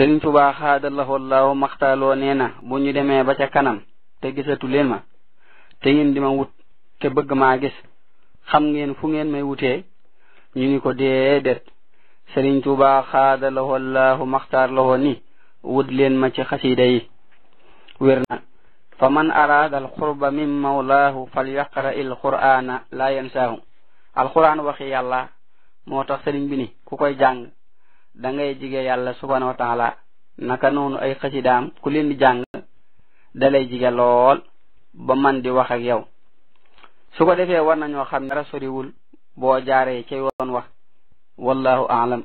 sëriñ tubaa xaadallahu allahu maxtaaloo nee na bu ñu demee ba ca kanam te gisatu leen ma te yéen di ma wut te bëgg maa gis xam ngeen fu ngeen may wute ñu ni ko déedéet sëriñ tubaa xaadallahu allahu maxtaarloo ni wut leen ma ci xasida yi wér na fa man araada alxurba min mawlaahu falyaqra il qur'aana laa yansaahu alquraan waxi yàlla moo tax sëriñ bi ni ku koy jàng da ngay jige yàlla subhanahu wa taala naka noonu ay xasidaam ku leen di jàng da lay jige lool ba man di wax ak yow su ko defee war na ñoo xam ne dara soriwul boo jaaree ci yoon wax wallahu aalam